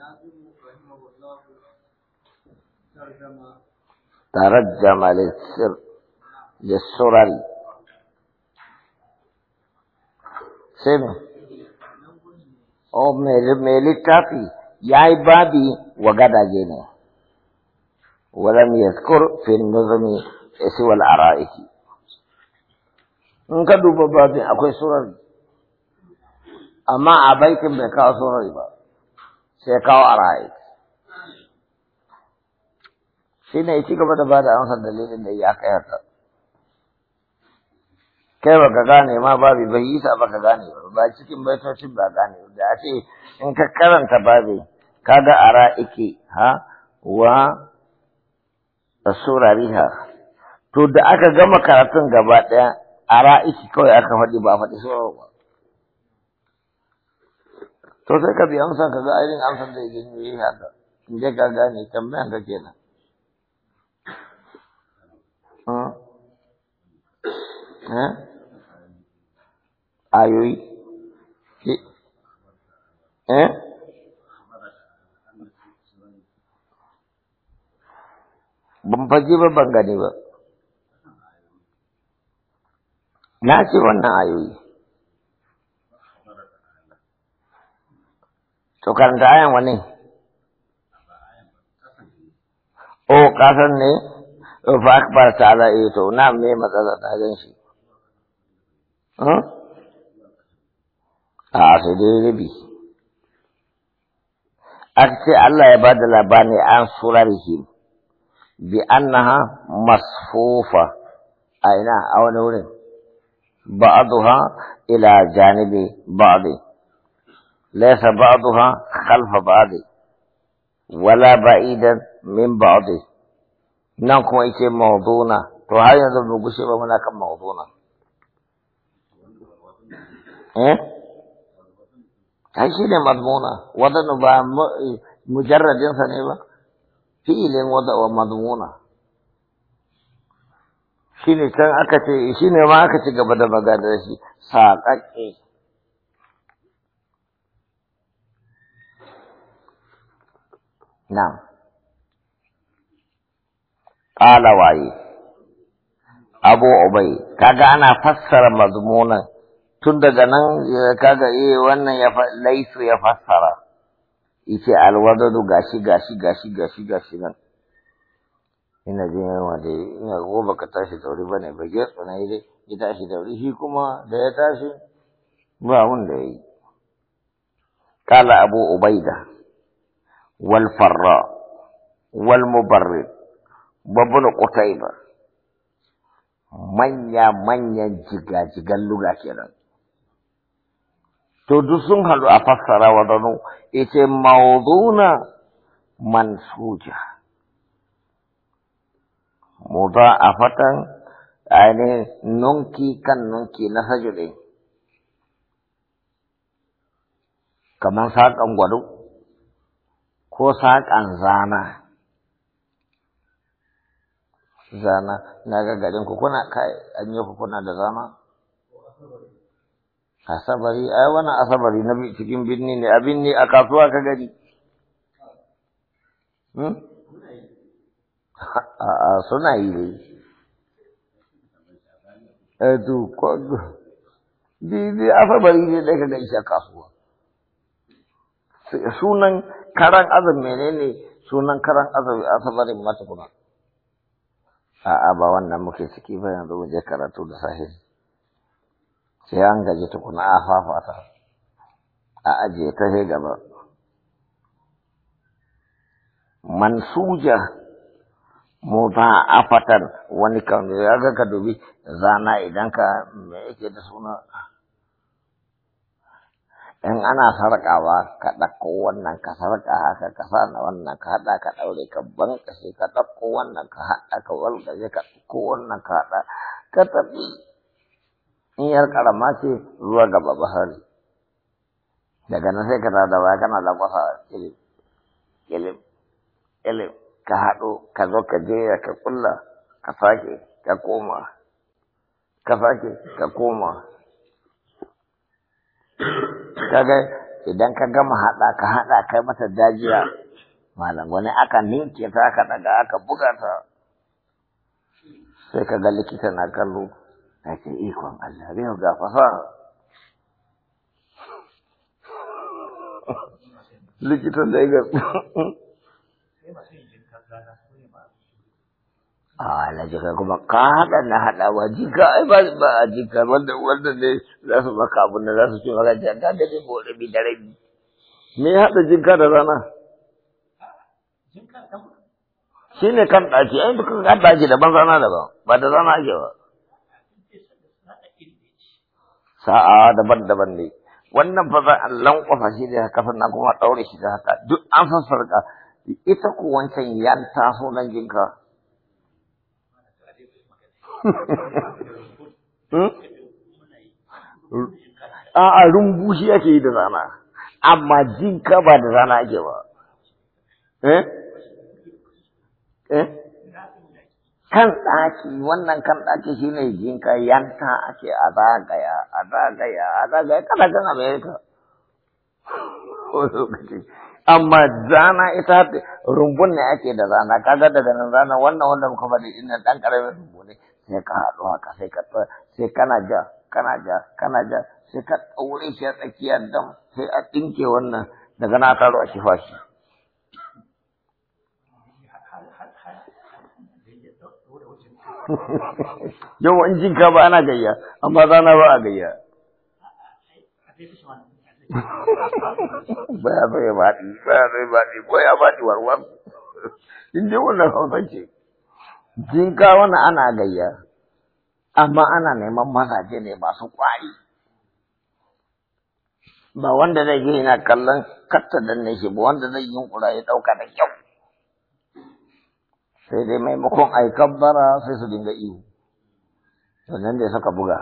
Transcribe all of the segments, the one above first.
ترجم ترجم للسر للسرر سمع او mai littafi ya yi babi wa gadaje ne ولم يذكر في النظم سوى الأرائك إن كدوا بابين أكوي سورة أما أبيكم بكاء سورة بابين sai kawo a ra'ayi shi ne ci gaba da ba da amsar dalilin da ya kai haka kai ba ka gane ma babi bai yi sa ba ka gane ba ba cikin baitocin ba gane da a ce in ka karanta babi kaga ara ike ha wa surariha to da aka gama karatun gaba ɗaya ara ike kawai aka faɗi ba faɗi sauran ba to sai ka biya amsa ka ga ainihin amsar da ya janyo yi haka in je ka gane tambayan ka kenan hmm? eh? ayoyi eh ban faje ba ban gani ba na ce wannan ayoyi To karanta ayan wani? O kasan ne? Fa akbar ta'ala e to na me matsala ta gan shi. A sai dai rabi. Aka ce Allah ya ba da labari an surarihim bi annaha masfufa a ina a wani wurin ba'aduha ila janibi ba'di ليس بعضها خلف بعض ولا بعيدا من بعض nan kuma yake mawduna to har yanzu ba gushe ba muna kan mawduna eh ai shi ne madmuna wadanu ba mujarradin sa ne ba fi'ilin wada wa madmuna shine can aka ce shine ma ci gaba da magana da نعم قال waye, ابو Ubai, kaga ana fassara mazmunan tun daga nan eh, kaga eh wannan ya laisu ya fassara. yace alwadadu gashi gashi gashi gashi gashi nan. Ina ji yawa da ina gobe ka tashi tauri ba ne, bai getsu na dai, ya tashi tauri shi kuma da ya tashi ba wanda ya yi. kala Abu Ubaida. والفراء والمبرد وابن قتيبة manya manyan jigajigan luga kenan to duk sun haɗu a fassara wa dano ita mawduna mansuja muda a fatan ainihin kan nunki na sajudin kamar saƙon gwado ko saƙan zana zana na gagarin ku kuna kai an yi ku kuna da zana asabari ai wannan asabari na cikin binni ne abin ne a kasuwa ka gari hmm? a suna yi dai eh, Edu, to bi bi asabari ne da ka gani a kasuwa sunan karan azumi menene sunan karan azum asabarin mata kuma a'a ba wannan muke ciki ba yanzu mu je karatu da sahihi sai an gaji tukuna a fafata a aje ta sai gaba mansuja mudha'afatan wani kan ya ga ka dubi zana idan ka me yake da suna in ana sarƙawa ka ɗauko wannan ka sarƙa haka ka sa na wannan ka haɗa ka ɗaure ka banka sai ka ɗauko wannan ka haɗa ka walgaje ka ɗauko wannan ka haɗa ka tafi in yar ƙarama ce zuwa gaba hari daga nan sai ka tada baya kana da kwasa ilim ilim ilim ka haɗo ka zo ka jera ka kulla ka sake ka koma ka sake ka koma kaga idan ka gama haɗa ka haɗa kai mata dajiya malam wani aka ninke ta aka daga aka buga ta sai kaga ga likita na kallo a ce ikon Allah zai ga fasa likita da ga Ah, a ji ka kuma ka haɗa na haɗawa jika ai ba ba a jika wanda wanda ne za su maka abin da za su ce maka jika da ne ko rabi da rabi me haɗa jinka da rana shi ne kan ɗaki ai duka kan ɗaki daban rana daban ba da rana ake ba sa'a daban-daban ne wannan fa za a shi ne kafin na kuma ɗaure shi da haka duk an sassarka ita ko wancan yan taso nan jinka Hmm? A'a rumbu shi ake yi da rana, amma jinka ba da rana ake ba. Eh? Eh? Kan ɗaki, wannan kan ɗaki shi ne jinka yanta ake a zagaya, a zagaya, a zagaya, kada kan Amerika. amma zana ita rumbun ne ake da zana kaga daga nan zana wannan wanda muka faɗi ina ɗan ƙaramin rumbu ne sai ka haɗu haka sai ka sai kana ja kana ja kana ja sai ka ɗaure shi a tsakiyar dam sai a ɗinke wannan daga na taro a kifa shi. Yawa in ba ana gayya, amma ba a gayya. Baya zai baɗi, baya zai baɗi, baɗi warwar. wannan ce. Jinkawana wani ana gayya, amma ana neman mazaje ne masu ƙwari. Ba wanda zai yi yana kallon katta ne shi ba wanda zai yi yunkura ya ɗauka da kyau. Sai dai maimakon a kabbara sai su dinga ihu. Sannan dai suka buga.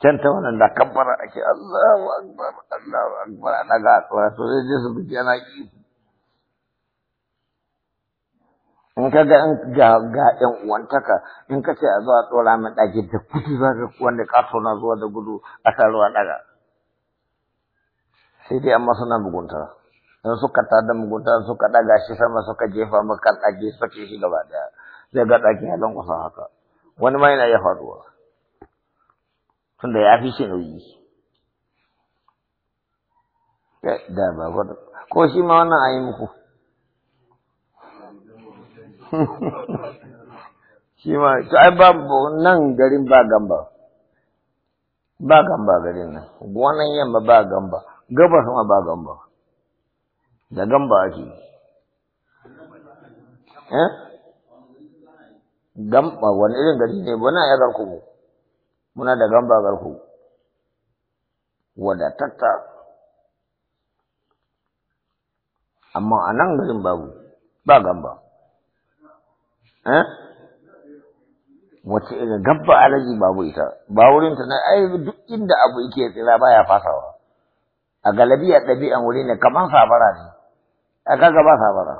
Can ta wannan da kabbara ake Allahu Akbar, Allahu Akbar, ana ga to zai je su biki ana iyo. in ka ga ga yan uwantaka in ka ce a zuwa a tsora min ɗaki da kudu za ka wanda ƙato na zuwa da gudu a sa ruwa ɗaga sai dai amma suna mugunta in suka da mugunta suka ɗaga shi sama suka jefa maka ɗaki suka ce shi gaba ɗaya zai ga ɗakin ya lankwasa haka wani ma yana iya faruwa tunda ya fi shi nauyi eh, da ba ko shi ma wannan a yi muku shi ma to ai ba nan garin ba gamba ba gamba garin nan wannan yamma ba gamba gabas ma ba gamba da gamba ake eh gamba wani irin gari ne wani ya garku muna da gamba garku wadatatta amma a nan garin babu ba gamba wace irin gabba alaji babu ita ba wurin ta na ai duk inda abu yake tsira baya fasawa a galabiya ɗabi'an wuri ne kamar sabara ne a kaga ba sabara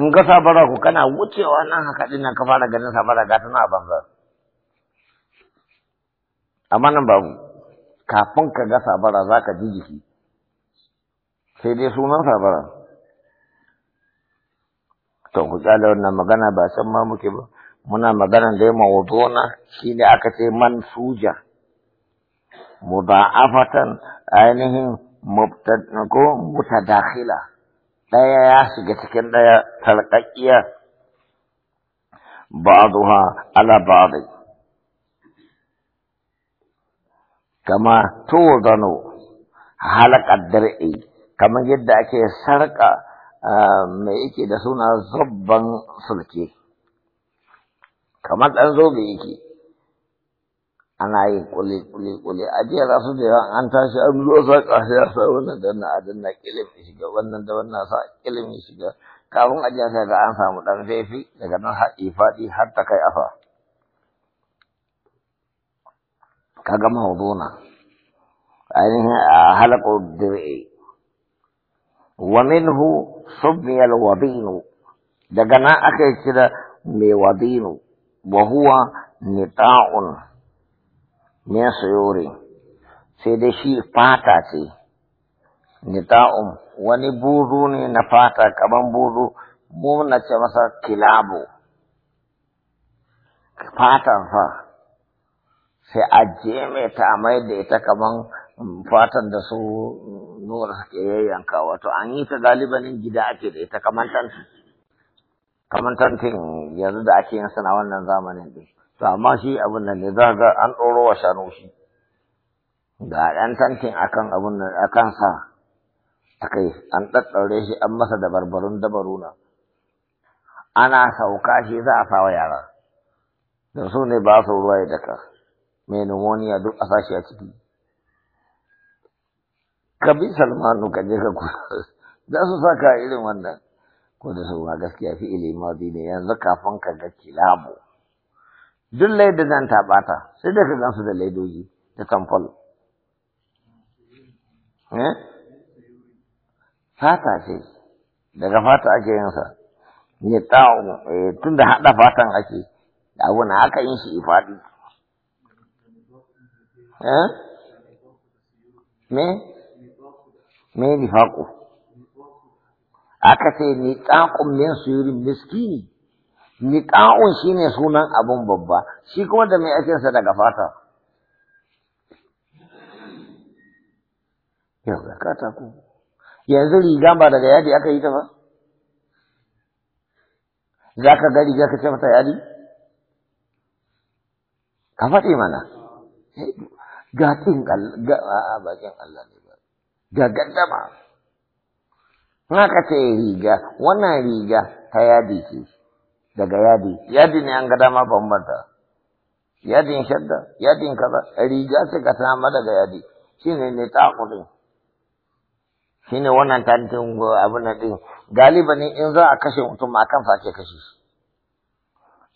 in ga sabara ku kana wucewa nan haka din nan ka fara ganin sabara ga tana banza amma nan babu kafin ka ga sabara za ka ji jiki sai dai sunan sabara to ku tsala wannan magana ba san ma muke ba muna magana da yamma shine aka ce man mansuja afatan ainihin mubtada ko mutadakhila daya ya shiga cikin daya talqaqiya ba'daha ala ba'd kama tuwadanu halaqad kamar yadda ake sarƙa Ah, mai yake da suna zabban sulke kamar ɗan zobe yake ana yin kuli kuli kuli a jiya za su jira an tashi an zo sa ƙashi ya sa wannan da na adin na kilim ya shiga wannan da wannan sa kilim ya shiga kafin a jiya sai ga an samu ɗan zafi daga nan har faɗi har ta kai afa gama huduna. ainihin a ah, halakar dir'i wa minhu subiya al-wadinu daga nan aka yi kira mai wadinu wa huwa nita'un ne sayuri sai da shi fata ce nita'un wani buru ne na fata kaman buru mu na masa kilabu fatan fa sai a jemeta mai da ita kaman fatan da su nuna suke yayyanka wato an yi ta galibanin gida ake da ita kamantantin yanzu da ake yin sana wannan zamanin din to amma shi abin nan ne za ga an ɗoro wa shanu shi ga ɗan tantin akan abin nan akan sa kai an ɗaɗɗaure shi an masa dabarbarun dabaruna ana sauka shi za a sawa yara da su ne ba su ruwa ya daka mai numoniya duk a sashi a ciki ka bi salmanu ka je za su saka irin wannan ko da ba gaskiya fi ilimadi ne yanzu kafin ka ga kilabu duk laida zan ta bata sai da ka su da laidoji da tamfol eh? fata ce daga fata ake yin sa ne ta'u eh, tun da haɗa fatan ake abu na haka yin shi ifadi eh? me mai nifaƙo aka ce niƙaƙun min suyurin miskini Ni shi ne sunan abin babba shi kuma da mai aikinsa daga fata yau ta katako yanzu riga ba daga yadi aka yi ta ba za ka gari ka ce mata yadi ka faɗi mana ga tin ga a bakin Allah ne ga gaddama ka ce riga wannan riga ta yadi ce daga yadi yadi ne an ga dama bambanta yadin shadda yadin kaza riga ce ka sama daga yadi Shi ne ta kudin ne wannan tantin abin na din galiba ne in za a kashe mutum akan face kashe shi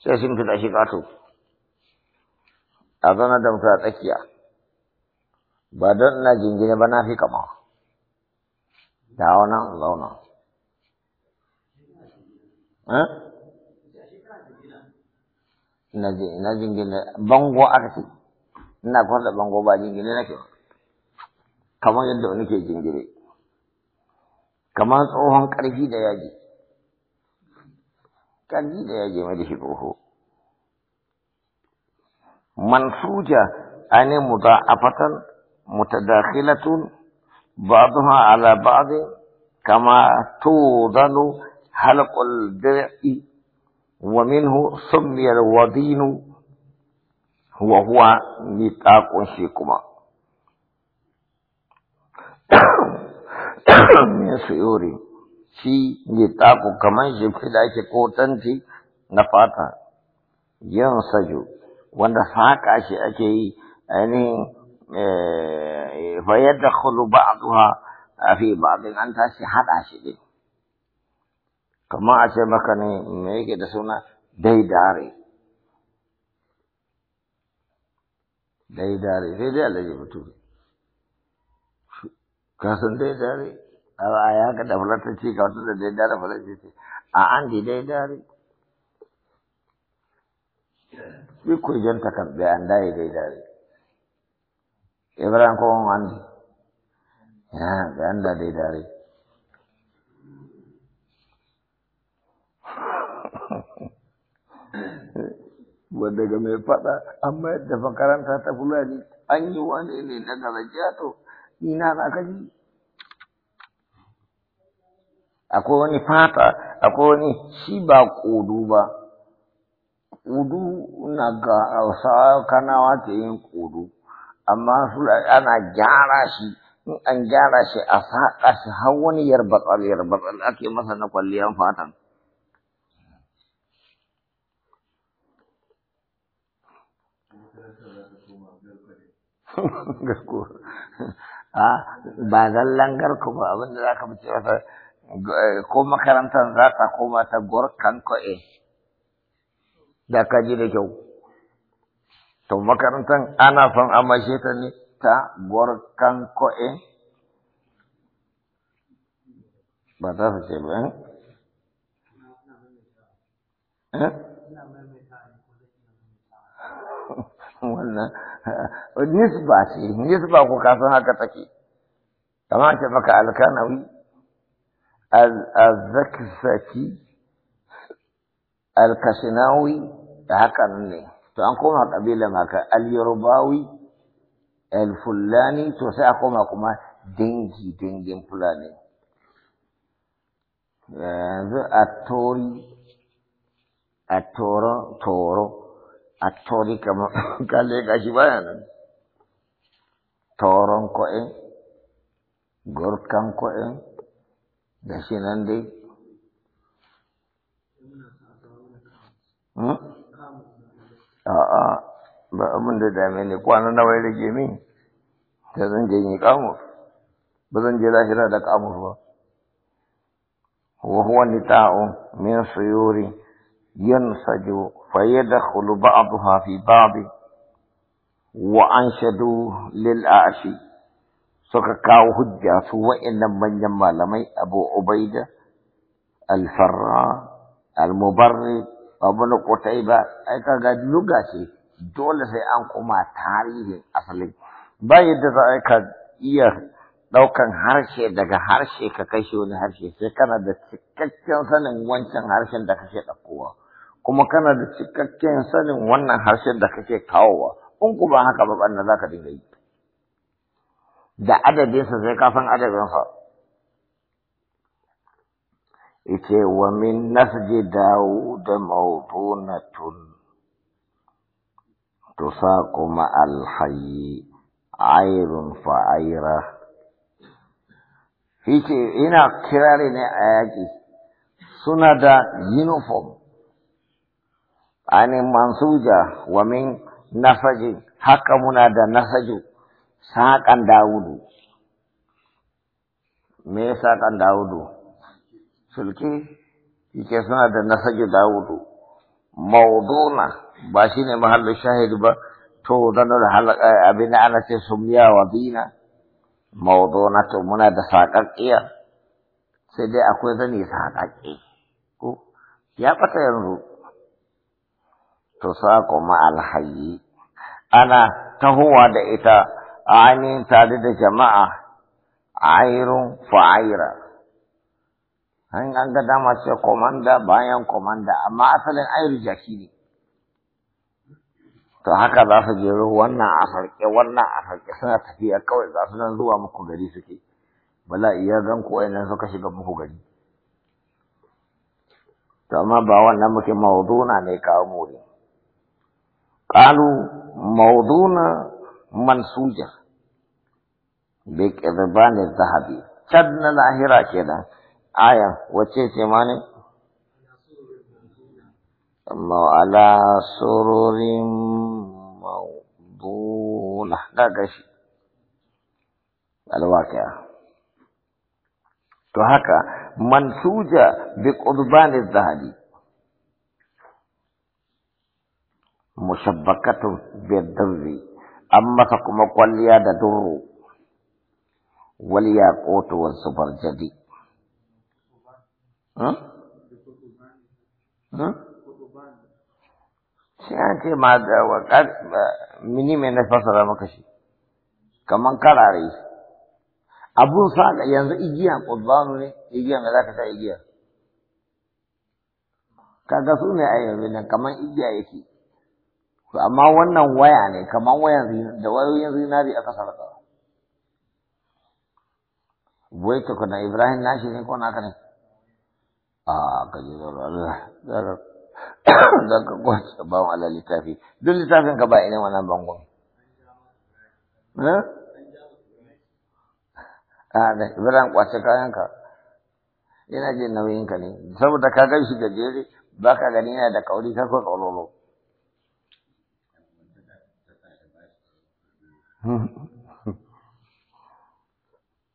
sai sun fita shi kato a zana da mutu a tsakiya ba don ina jingine ba na fi kama dawo nan in zauna na ngene bango arti. ce ina da bango ba jingine nake kamar yadda wani ke jingine kamar tsohon karfi da yaji ƙarfi da yaji mai da shi tsoho mansuja ainihin muta'afatan mutadakhilatun بعضها على بعض كما توضن حلق الدرع ومنه سمي الودين وهو نطاق شيكما من سيوري شي نطاق كما شي في داك كوتنتي نفاتا ينسج wanda haka shi ake yi ainihin fayadakhulu ba'daha fi ba'd an ta shi hada shi din kamar a ce maka ne me yake da suna dai daidare daidare sai dai alaji mutu ka san dai daidare a ya ga da falatanci ga wata da daidare falatanci ce a an di daidare ikon janta kan bayan dai daidare Ibrahim ko wani ya ga Allah dai dare wanda ga mai faɗa amma yadda makaranta ta ni. an yi wani ne daga rajiya to ina za ka ji akwai wani fata akwai wani shi ba Kudu ba ƙudu na ga kanawa ke yin ƙudu amma ana gyara shi in an gyara shi a saƙa shi har wani yarbatsal yarbatsal ake masa na kwalliyar fatan a ah, ba zallan garku ba abinda za ka fice wata ko makarantar za ta koma ta gorkan ko'e da ka ji da kyau to makarantar ana son a mashe ta ne ta gwarkan ko'e eh? ba za su ce ba eh? Eh? wannan nisba ce nisba ku kasan haka take kama ce maka alkanawi al zakisaki al-kashinawi da hakan ne to an koma ƙabilan haka al-yarbawi al-fulani to sai a koma kuma dangi dangin fulani yanzu a tori a toro toro a tori kamar kalle gashi baya nan toron ko'e, gurkan ko'e, gashi nan dai Hmm? a'a ba abin da dame ne kwana nawa ya rage min ta zan je yi kamus ba zan je lahira da kamus ba wa huwa nita'un min suyuri yansaju fa yadkhulu ba'daha fi ba'd wa anshadu lil ashi suka kawo hujja su wa'annan manyan malamai Abu Ubaida al-Farra al-Mubarrid Babu na kotai ba ai kaga luga ce dole sai an kuma tarihin asali ba yadda za ka iya ɗaukan harshe daga harshe ka kai shi wani harshe sai kana da cikakken sanin wancan harshen da kake ɗaukowa kuma kana da cikakken sanin wannan harshen da kake kawowa in ku ba haka ba ɓanna za ka dinga yi da adadinsa sai ka san adadinsa ita wa min nasji dawud mawdunatun tusaqu kuma hayyi ayrun fa ayra ce ina kirari ne a yaƙi suna da uniform ani mansuja wa min nasaji haka muna da nasaju saƙan dawudu me saƙan dawudu sulki yake suna da nasaji dawudu mawduna ba shine mahallin shahid ba to danul halaka eh, abin ana ce sumiya wa dina mawduna to muna da sakakkiya sai dai akwai zani sakakki ko ya fata yanzu to sako ma alhayyi ana tahowa da ita a ainihin tare da jama'a airun fa'aira an an ga dama ce komanda bayan komanda amma asalin ai jaki ne to haka za su je wannan a farke wannan a farke suna tafiya kawai za su nan zuwa muku gari suke bala iya gan ko nan suka shiga muku gari to amma ba wannan muke mawduna ne kawo mu ne qalu mawduna mansuja bi qirban zahabi can na lahira kenan آية وتيتي ماني على سرور موضونة لا قشي الواقع تهكا منسوجة بقضبان الذهبي مشبكة بالذري أما فكما قول يا ددر وليا قوت والسبر جديد Ha? Sai an ce ma da wakar mini mai na fasara maka shi, kamar karare. Abun sa yanzu igiyan ƙubbanu ne, igiyan da za ka sa igiya. Kaga su ne a yanzu nan kamar igiya yake. To amma wannan waya ne, kamar wayan da wayoyin zinari aka sarƙa. Wai tukuna Ibrahim nashi ne ko naka ne? a ah, ka ji Allah za ka kwace ka ba mu Allah littafi duk littafin ka ba irin wannan bangon a da ibrahim kwace ka yana jin nauyin ka ne saboda ka gan shi gajere ba ka gani yana da kauri ka ko tsololo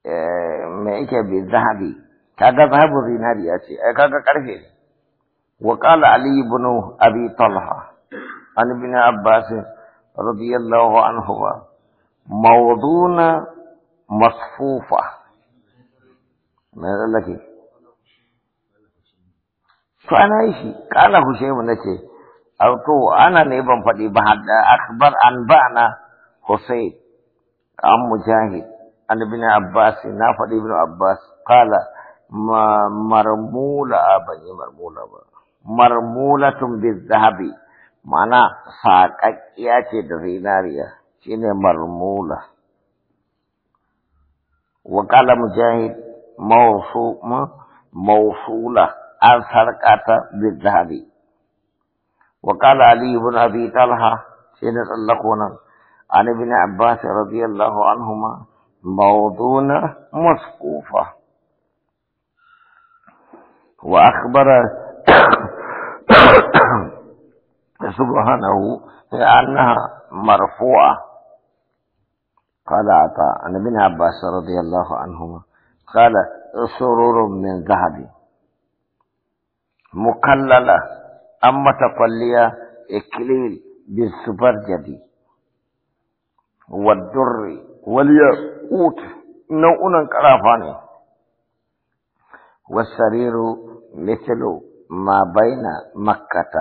eh, me yake bi zahabi kaga babu zinariya ce ai kaga karfe ne wa qala ali ibn abi talha an ibn abbas radiyallahu anhuma mawduna masfufa me lallake to ana shi qala hushaymu nace to ana ne ban faɗi ba hadda akbar an ba'na husayn an mujahid an ibn abbas na faɗi ibn abbas qala مرمولة بني مرمولة مرمولة بالذهب مانا ساق اكيا چه دريناريا چنه مرمولة وقال مجاهد موصوم موصولة اثر قطع بالذهب وقال علي بن ابي طلحة چنه تلقونا عن ابن عباس رضي الله عنهما موضونة مسقوفة وأخبر سبحانه بأنها مرفوعة قال عطاء عن ابن عباس رضي الله عنهما قال سرور من ذهب مكللة أما تقلية إكليل بالسبرجدي والدر والياقوت نوعنا كرافاني والسرير مثل ما بين مكة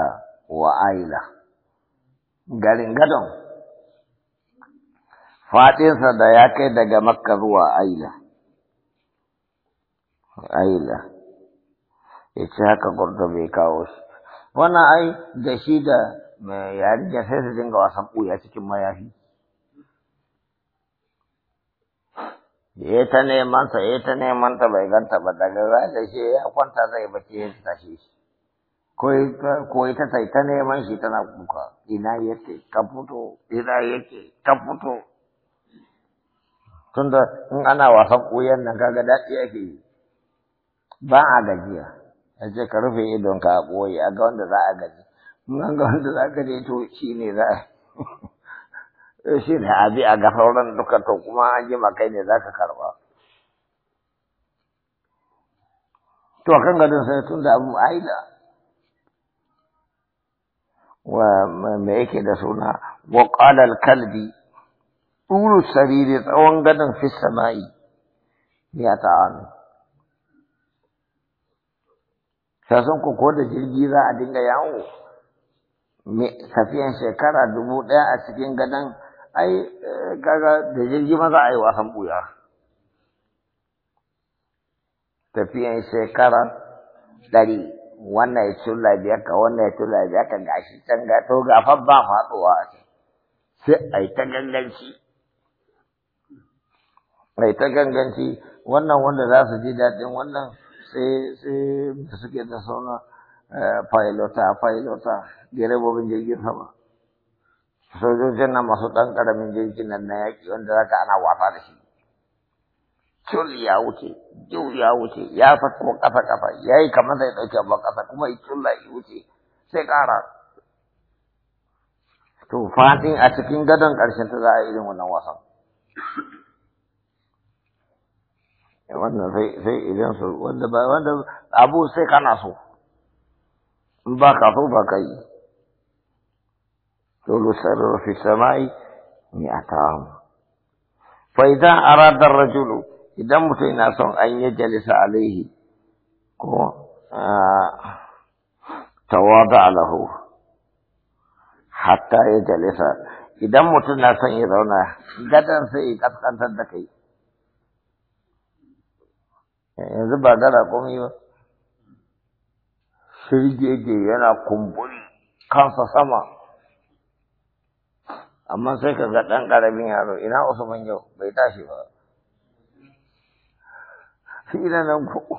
وآيلة garin gadon faɗinsa da ya kai daga makka zuwa aila aila ya ce bai kawo shi wannan ai da shi da yari sai su dinga wasan ɓuya cikin mayafi ya ta neman ta ya ta neman ta bai ganta ba daga ran da shi ya kwanta zai bace ya tashi shi ko ita ta ta neman shi tana kuka ina yake ka fito ina yake ka fito tunda in ana wasan koyan nan kaga daɗi ake yi ba a gajiya a ce ka rufe idon ka a ɓoye a ga wanda za a gaji in an ga wanda za a gaji to shi ne za a Eh, shi ne abi a ga sauran duka to kuma an kai ne zaka karba to kan gadon sai tun da abu aida wa me yake da suna wa qala al kalbi turu sariri tsawon gadon fi sama'i ya ta'ala sasan ku ko da jirgi za a dinga yawo tafiyan shekara dubu ɗaya a cikin gadon ai eh, kaga da jirgi ma za a yi wasan buya tafiyan shekara ɗari wannan ya culla biyar ka wannan ya culla biyar ka shi can ga to ga fa ba faɗuwa sai a yi ta ganganci a yi ta ganganci wannan wanda za su ji daɗin wannan sai sai da suke da sauna failota-failota, eh, direbobin jirgin sama sojojin na masu ɗan ƙaramin jirgin nan na yaƙi wanda za ka ana wasa da shi cul ya wuce jiw ya wuce ya sako ƙasa-ƙasa, ya yi kamar zai ɗauke abin ƙasa kuma yi culla ya wuce sai ƙara to fatin a cikin gadon ƙarshen ta za a irin wannan wasan wannan sai idan su wanda ba wanda abu sai kana so ba ka so ba ka yi ثلث في السماء مئة عام فإذا أراد الرجل إذا متناس أن يجلس عليه تواضع له حتى يجلس إذا متناس يرونا قد أنسي قد تدكي yanzu ba dara komai ba shirgege yana kumburi كان sama amma sai ka ga ɗan ƙarabin yaro ina usman yau bai tashi ba shi ina nan ko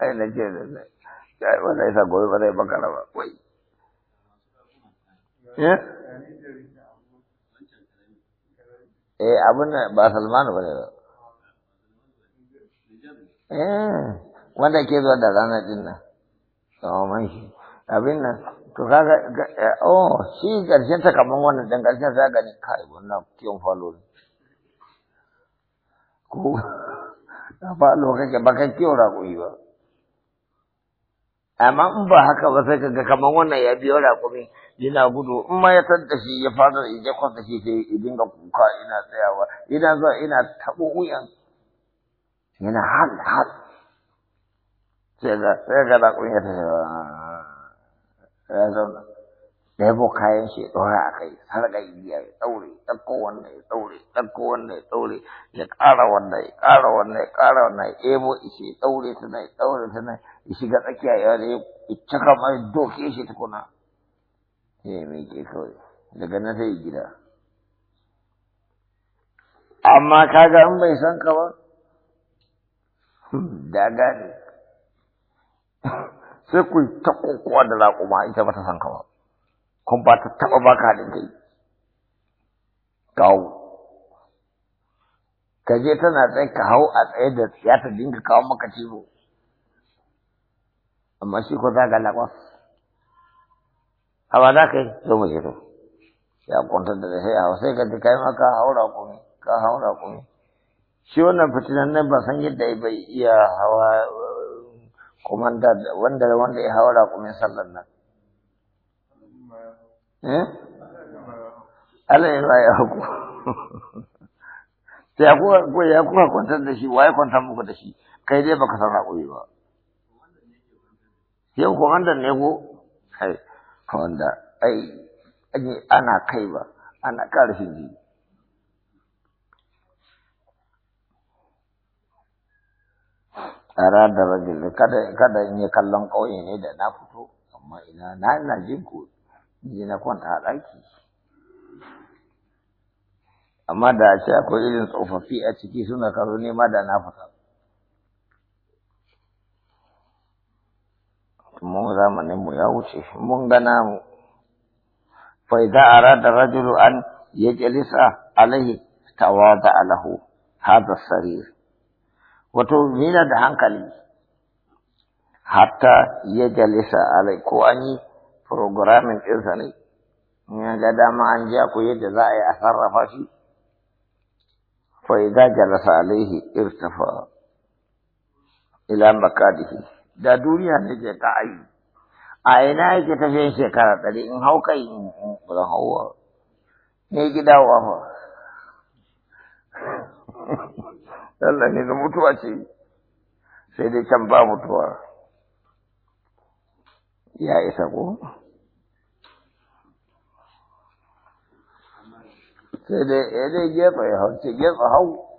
ai na ce da zai Ya wanda ya sa gobe ba zai bakara ba wai eh, eh abin ba salmanu ba ne ba eh wanda ke zuwa da ranar din nan tsawon shi abin nan to kaga eh, oh shi karshen ta kaman wannan dan karshen za gani kai wannan kiyon falo ne ko da falo kake kan kiyon raƙumi ba amma in ba haka ba sai kaga kaman wannan ya biyo raƙumi yana gudu in ma ya tadda shi ya fara ya kwanta shi sai ya dinga kuka ina tsayawa ina zuwa ina tabo wuyan yana hal hal sai ga sai ga kun ya tsaya ya zauna da yabo kayan shi ɗora a kai sarga igiya ya ɗaure ɗauko wannan ya ɗaure ɗauko wannan ya ɗaure ya ƙara wannan ya ƙara wannan ya ƙara wannan ya ɗebo ishe ya ɗaure ta nan ya ɗaure ta nan ya shiga tsakiya ya da ya caka mai doke shi tukuna ya mai ke kawai daga nan sai gida amma kaga in bai san ka ba da gane sai ku ta kokowa da raƙuma ita ba ta san ka ba kun ba ta taɓa ba ka haɗin kai kawo ka je tana tsaye ka hau a tsaye da ya ta dinga kawo maka cibo amma shi ko za ka laƙwas a ba za ka yi zo mu je to ya kwanta da sai a sai ka ji kai ma ka hau raƙumi ka hau raƙumi shi wannan fitinan nan ba san yadda bai iya hawa kuma wanda wanda ya haura kuma sallar nan eh Allah ya ya haku sai ku ku ya ku kwantar da shi waye kwantar muku da shi kai dai baka san hakuri ba yau ko wanda ne ko kai wanda ai ana kai ba ana karfin jini tsara da rajin kada kada in yi kallon ƙauye ne da na fito amma ina na ina jin ku ji na kwanta a ɗaki amma da a ce akwai irin tsofaffi a ciki suna karo ma da na fita mun zamanin mu ya wuce mun gana mu fa idza arada rajulu an jalisa alaihi tawada alahu hada sarir wato nina da hankali hatta ya jalisa alai ko an yi programming ɗinsa ne in ga dama an ja ku yadda za a yi a sarrafa shi fa idza jalasa alaihi irtafa ila makadihi da duniya ne ke ta ayi a ina yake tafiyan shekara ɗari in hau kai in hau hauwa ne gida fa. Allah ne mutuwa ce sai dai can ba mutuwa ya isa ko sai dai ya dai gefe hau ce gefe hau